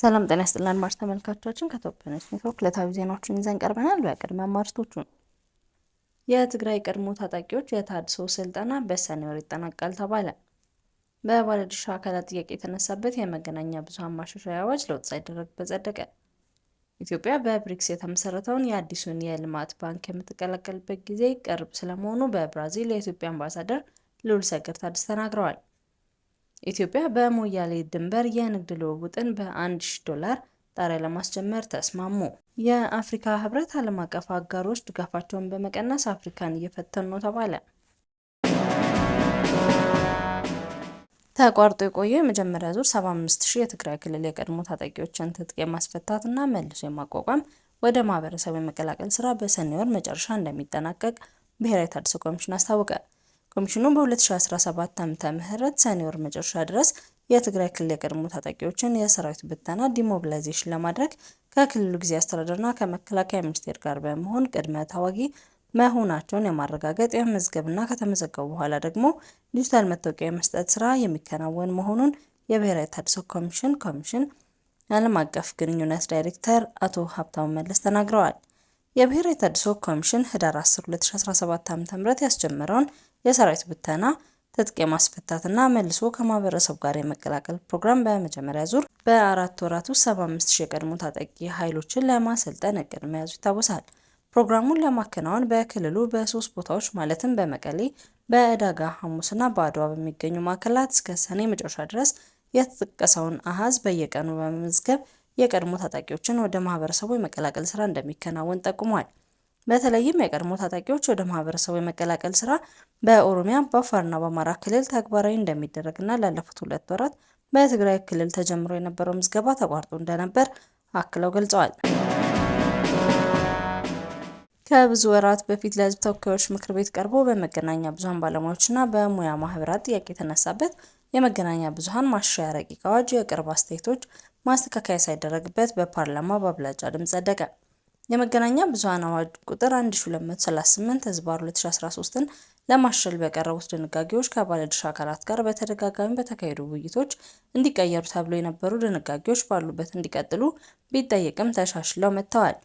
ሰላም ጤና ይስጥልን አድማጭ ተመልካቾቻችን ከኢትዮጵያ ኔትወርክ ዕለታዊ ዜናዎችን ይዘን ቀርበናል። በቅድሚያ አማርቶቹ የትግራይ ቀድሞ ታጣቂዎች የታድሶ ስልጠና በሰኔ ወር ይጠናቃል ተባለ። በባለድርሻ አካላት ጥያቄ የተነሳበት የመገናኛ ብዙሃን ማሻሻያ አዋጅ ለውጥ ሳይደረግበት በጸደቀ። ኢትዮጵያ በብሪክስ የተመሰረተውን የአዲሱን የልማት ባንክ የምትቀላቀልበት ጊዜ ቅርብ ስለመሆኑ በብራዚል የኢትዮጵያ አምባሳደር ልዑልሰገድ ታዲስ ተናግረዋል። ኢትዮጵያ በሞያሌ ድንበር የንግድ ልውውጥን በ1000 ዶላር ጣሪያ ለማስጀመር ተስማሙ። የአፍሪካ ህብረት ዓለም አቀፍ አጋሮች ድጋፋቸውን በመቀነስ አፍሪካን እየፈተኑ ነው ተባለ። ተቋርጦ የቆየው የመጀመሪያ ዙር 75000 የትግራይ ክልል የቀድሞ ታጣቂዎችን ትጥቅ የማስፈታት እና መልሶ የማቋቋም ወደ ማህበረሰብ የመቀላቀል ስራ በሰኔ ወር መጨረሻ እንደሚጠናቀቅ ብሔራዊ ተሃድሶ ኮሚሽን አስታወቀ። ኮሚሽኑ በ2017 ዓ.ም ሰኔ ወር መጨረሻ ድረስ የትግራይ ክልል የቀድሞ ታጣቂዎችን የሰራዊት ብተና ዲሞቢላይዜሽን ለማድረግ ከክልሉ ጊዜ አስተዳደርና ከመከላከያ ሚኒስቴር ጋር በመሆን ቅድመ ታዋጊ መሆናቸውን የማረጋገጥ የመዝገብና ከተመዘገቡ በኋላ ደግሞ ዲጂታል መታወቂያ የመስጠት ስራ የሚከናወን መሆኑን የብሔራዊ ተሃድሶ ኮሚሽን ኮሚሽን ዓለም አቀፍ ግንኙነት ዳይሬክተር አቶ ሀብታሙ መለስ ተናግረዋል። የብሔራዊ ተሃድሶ ኮሚሽን ህዳር 10 2017 ዓ.ም ያስጀመረውን የሰራዊት ብተና ትጥቅ የማስፈታትና መልሶ ከማህበረሰቡ ጋር የመቀላቀል ፕሮግራም በመጀመሪያ ዙር በአራት ወራት ውስጥ 75 ሺህ የቀድሞ ታጣቂ ኃይሎችን ለማሰልጠን እቅድ መያዙ ይታወሳል። ፕሮግራሙን ለማከናወን በክልሉ በሶስት ቦታዎች ማለትም በመቀሌ፣ በዕዳጋ ሐሙስና በአድዋ በሚገኙ ማዕከላት እስከ ሰኔ መጨረሻ ድረስ የተጠቀሰውን አሃዝ በየቀኑ በመመዝገብ የቀድሞ ታጣቂዎችን ወደ ማህበረሰቡ የመቀላቀል ስራ እንደሚከናወን ጠቁሟል። በተለይም የቀድሞ ታጣቂዎች ወደ ማህበረሰቡ የመቀላቀል ስራ በኦሮሚያ በአፋርና በአማራ ክልል ተግባራዊ እንደሚደረግና ላለፉት ሁለት ወራት በትግራይ ክልል ተጀምሮ የነበረው ምዝገባ ተቋርጦ እንደነበር አክለው ገልጸዋል። ከብዙ ወራት በፊት ለህዝብ ተወካዮች ምክር ቤት ቀርቦ በመገናኛ ብዙኃን ባለሙያዎችና በሙያ ማህበራት ጥያቄ የተነሳበት የመገናኛ ብዙሀን ማሻሻያ ረቂቅ አዋጅ የቅርብ አስተያየቶች ማስተካከያ ሳይደረግበት በፓርላማ በአብላጫ ድምፅ ጸደቀ። የመገናኛ ብዙሃን አዋጅ ቁጥር 1238 ህዝባር 2013ን ለማሻሻል በቀረቡት ድንጋጌዎች ከባለድርሻ አካላት ጋር በተደጋጋሚ በተካሄዱ ውይይቶች እንዲቀየሩ ተብሎ የነበሩ ድንጋጌዎች ባሉበት እንዲቀጥሉ ቢጠየቅም ተሻሽለው መጥተዋል።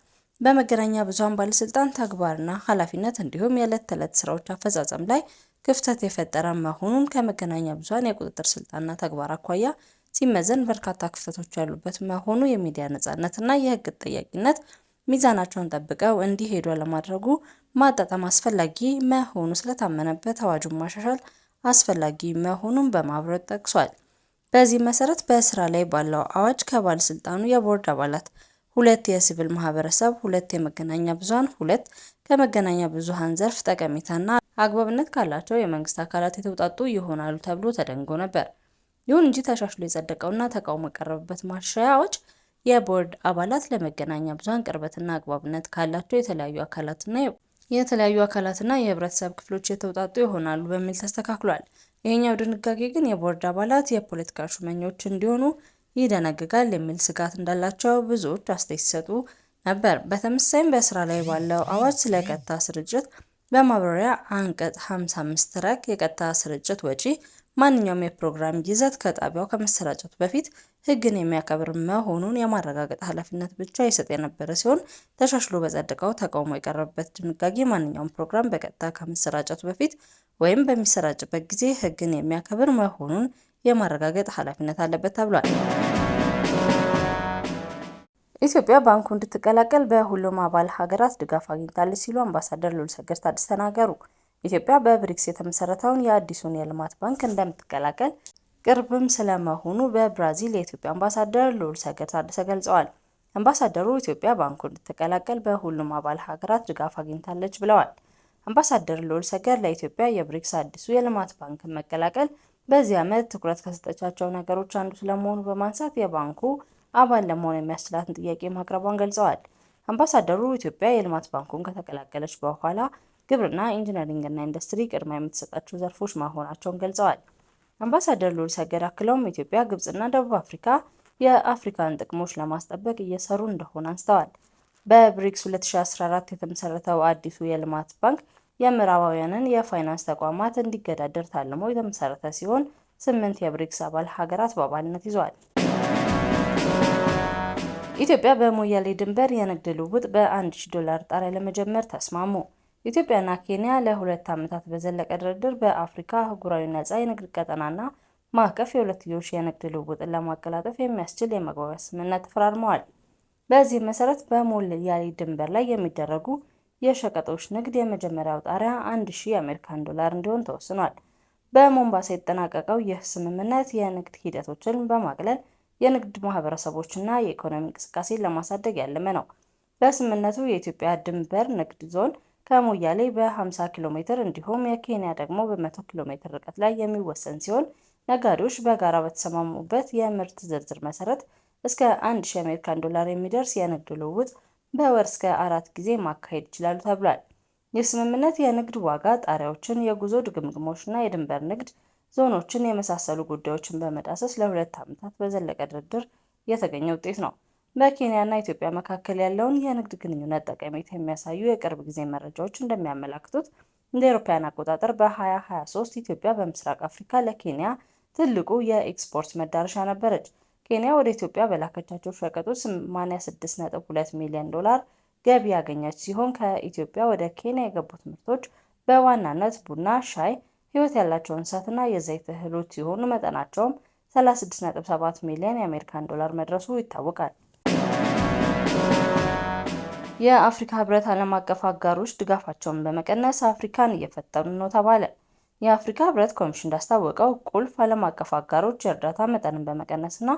በመገናኛ ብዙሃን ባለስልጣን ተግባርና ኃላፊነት እንዲሁም የዕለት ተዕለት ስራዎች አፈጻጸም ላይ ክፍተት የፈጠረ መሆኑን ከመገናኛ ብዙሃን የቁጥጥር ስልጣንና ተግባር አኳያ ሲመዘን በርካታ ክፍተቶች ያሉበት መሆኑ የሚዲያ ነጻነትና የህግ ጠያቂነት ሚዛናቸውን ጠብቀው እንዲሄዱ አለማድረጉ ማጣጣም አስፈላጊ መሆኑ ስለታመነበት አዋጁን ማሻሻል አስፈላጊ መሆኑን በማብራሪያው ጠቅሷል። በዚህ መሰረት በስራ ላይ ባለው አዋጅ ከባለስልጣኑ የቦርድ አባላት ሁለት የሲቪል ማህበረሰብ፣ ሁለት የመገናኛ ብዙኃን፣ ሁለት ከመገናኛ ብዙሃን ዘርፍ ጠቀሜታና አግባብነት ካላቸው የመንግስት አካላት የተውጣጡ ይሆናሉ ተብሎ ተደንጎ ነበር። ይሁን እንጂ ተሻሽሎ የጸደቀውና ተቃውሞ የቀረበበት ማሻሻያ አዋጅ የቦርድ አባላት ለመገናኛ ብዙሃን ቅርበትና አግባብነት ካላቸው የተለያዩ አካላትና የተለያዩ አካላትና የህብረተሰብ ክፍሎች የተውጣጡ ይሆናሉ በሚል ተስተካክሏል። ይህኛው ድንጋጌ ግን የቦርድ አባላት የፖለቲካ ሹመኞች እንዲሆኑ ይደነግጋል የሚል ስጋት እንዳላቸው ብዙዎች አስተያየት ሲሰጡ ነበር። በተመሳሳይም በስራ ላይ ባለው አዋጅ ስለ ቀጥታ ስርጭት በማብራሪያ አንቀጽ 55 ተረክ የቀጥታ ስርጭት ወጪ ማንኛውም የፕሮግራም ይዘት ከጣቢያው ከመሰራጨቱ በፊት ሕግን የሚያከብር መሆኑን የማረጋገጥ ኃላፊነት ብቻ ይሰጥ የነበረ ሲሆን ተሻሽሎ በጸደቀው ተቃውሞ የቀረበበት ድንጋጌ ማንኛውም ፕሮግራም በቀጥታ ከመሰራጨቱ በፊት ወይም በሚሰራጭበት ጊዜ ሕግን የሚያከብር መሆኑን የማረጋገጥ ኃላፊነት አለበት ተብሏል። ኢትዮጵያ ባንኩ እንድትቀላቀል በሁሉም አባል ሀገራት ድጋፍ አግኝታለች ሲሉ አምባሳደር ልዑልሰገድ ታዲስ ተናገሩ። ኢትዮጵያ በብሪክስ የተመሰረተውን የአዲሱን የልማት ባንክ እንደምትቀላቀል ቅርብም ስለመሆኑ በብራዚል የኢትዮጵያ አምባሳደር ልዑል ሰገድ ታደሰ ገልጸዋል። አምባሳደሩ ኢትዮጵያ ባንኩ እንድትቀላቀል በሁሉም አባል ሀገራት ድጋፍ አግኝታለች ብለዋል። አምባሳደር ልዑል ሰገድ ለኢትዮጵያ የብሪክስ አዲሱ የልማት ባንክን መቀላቀል በዚህ ዓመት ትኩረት ከሰጠቻቸው ነገሮች አንዱ ስለመሆኑ በማንሳት የባንኩ አባል ለመሆን የሚያስችላትን ጥያቄ ማቅረቧን ገልጸዋል። አምባሳደሩ ኢትዮጵያ የልማት ባንኩን ከተቀላቀለች በኋላ ግብርና፣ ኢንጂነሪንግና ኢንዱስትሪ ቅድማ የምትሰጣቸው ዘርፎች መሆናቸውን ገልጸዋል። አምባሳደር ሉል ሰገድ አክለውም ኢትዮጵያ፣ ግብጽና ደቡብ አፍሪካ የአፍሪካን ጥቅሞች ለማስጠበቅ እየሰሩ እንደሆነ አንስተዋል። በብሪክስ 2014 የተመሰረተው አዲሱ የልማት ባንክ የምዕራባውያንን የፋይናንስ ተቋማት እንዲገዳደር ታልሞ የተመሰረተ ሲሆን ስምንት የብሪክስ አባል ሀገራት በአባልነት ይዟል። ኢትዮጵያ በሞያሌ ድንበር የንግድ ልውውጥ በ1000 ዶላር ጣሪያ ለመጀመር ተስማሙ። ኢትዮጵያና ኬንያ ለሁለት ዓመታት በዘለቀ ድርድር በአፍሪካ አህጉራዊ ነጻ የንግድ ቀጠናና ማዕቀፍ የሁለትዮሽ የንግድ ልውውጥን ለማቀላጠፍ የሚያስችል የመግባቢያ ስምምነት ተፈራርመዋል። በዚህ መሰረት በሞያሌ ድንበር ላይ የሚደረጉ የሸቀጦች ንግድ የመጀመሪያው ጣሪያ 1000 የአሜሪካን ዶላር እንዲሆን ተወስኗል። በሞምባሳ የተጠናቀቀው ይህ ስምምነት የንግድ ሂደቶችን በማቅለል የንግድ ማህበረሰቦችና የኢኮኖሚ እንቅስቃሴን ለማሳደግ ያለመ ነው። በስምምነቱ የኢትዮጵያ ድንበር ንግድ ዞን ከሞያሌ በ50 ኪሎ ሜትር እንዲሁም የኬንያ ደግሞ በ100 ኪሎ ሜትር ርቀት ላይ የሚወሰን ሲሆን ነጋዴዎች በጋራ በተሰማሙበት የምርት ዝርዝር መሰረት እስከ 1000 አሜሪካን ዶላር የሚደርስ የንግድ ልውውጥ በወር እስከ አራት ጊዜ ማካሄድ ይችላሉ ተብሏል። ይህ ስምምነት የንግድ ዋጋ ጣሪያዎችን፣ የጉዞ ድግምግሞችና የድንበር ንግድ ዞኖችን የመሳሰሉ ጉዳዮችን በመዳሰስ ለሁለት ዓመታት በዘለቀ ድርድር የተገኘ ውጤት ነው። በኬንያና ኢትዮጵያ መካከል ያለውን የንግድ ግንኙነት ጠቀሜታ የሚያሳዩ የቅርብ ጊዜ መረጃዎች እንደሚያመላክቱት እንደ አውሮፓውያን አቆጣጠር በ2023 ኢትዮጵያ በምስራቅ አፍሪካ ለኬንያ ትልቁ የኤክስፖርት መዳረሻ ነበረች። ኬንያ ወደ ኢትዮጵያ በላከቻቸው ሸቀጦች 86.2 ሚሊዮን ዶላር ገቢ ያገኘች ሲሆን ከኢትዮጵያ ወደ ኬንያ የገቡት ምርቶች በዋናነት ቡና፣ ሻይ፣ ህይወት ያላቸው እንስሳትና የዘይት እህሎች ሲሆኑ መጠናቸውም 36.7 ሚሊዮን የአሜሪካን ዶላር መድረሱ ይታወቃል። የአፍሪካ ህብረት ዓለም አቀፍ አጋሮች ድጋፋቸውን በመቀነስ አፍሪካን እየፈተኑ ነው ተባለ። የአፍሪካ ህብረት ኮሚሽን እንዳስታወቀው ቁልፍ ዓለም አቀፍ አጋሮች የእርዳታ መጠንን በመቀነስና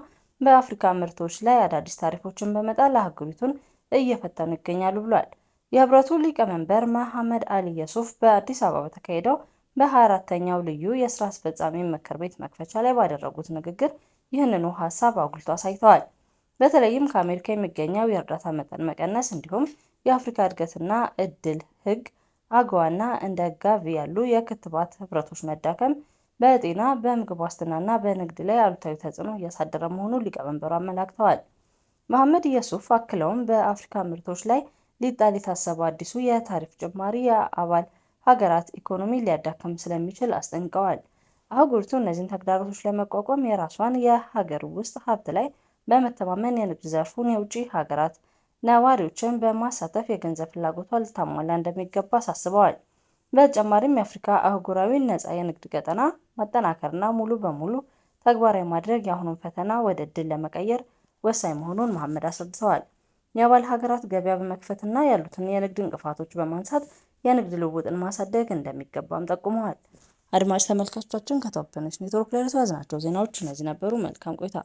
በአፍሪካ ምርቶች ላይ አዳዲስ ታሪፎችን በመጣል አህጉሪቱን እየፈተኑ ይገኛሉ ብሏል። የህብረቱ ሊቀመንበር መሐመድ አሊ የሱፍ በአዲስ አበባ በተካሄደው በ24ተኛው ልዩ የስራ አስፈጻሚ ምክር ቤት መክፈቻ ላይ ባደረጉት ንግግር ይህንኑ ሀሳብ አጉልቶ አሳይተዋል። በተለይም ከአሜሪካ የሚገኘው የእርዳታ መጠን መቀነስ እንዲሁም የአፍሪካ እድገትና እድል ህግ አገዋና እንደ ጋቪ ያሉ የክትባት ህብረቶች መዳከም በጤና በምግብ ዋስትናና በንግድ ላይ አሉታዊ ተጽዕኖ እያሳደረ መሆኑን ሊቀመንበሩ አመላክተዋል። መሐመድ የሱፍ አክለውም በአፍሪካ ምርቶች ላይ ሊጣል የታሰበው አዲሱ የታሪፍ ጭማሪ የአባል ሀገራት ኢኮኖሚ ሊያዳክም ስለሚችል አስጠንቀዋል። አህጉሪቱ እነዚህን ተግዳሮቶች ለመቋቋም የራሷን የሀገር ውስጥ ሀብት ላይ በመተማመን የንግድ ዘርፉን የውጭ ሀገራት ነዋሪዎችን በማሳተፍ የገንዘብ ፍላጎቷ ልታሟላ እንደሚገባ አሳስበዋል። በተጨማሪም የአፍሪካ አህጉራዊ ነፃ የንግድ ቀጠና ማጠናከርና ሙሉ በሙሉ ተግባራዊ ማድረግ የአሁኑን ፈተና ወደ ድል ለመቀየር ወሳኝ መሆኑን መሐመድ አስረድተዋል። የአባል ሀገራት ገበያ በመክፈትና ያሉትን የንግድ እንቅፋቶች በማንሳት የንግድ ልውውጥን ማሳደግ እንደሚገባም ጠቁመዋል። አድማጭ ተመልካቾቻችን ከቶፕ ኔትወርክ ለዕለቱ ያዝናቸው ዜናዎች እነዚህ ነበሩ። መልካም ቆይታ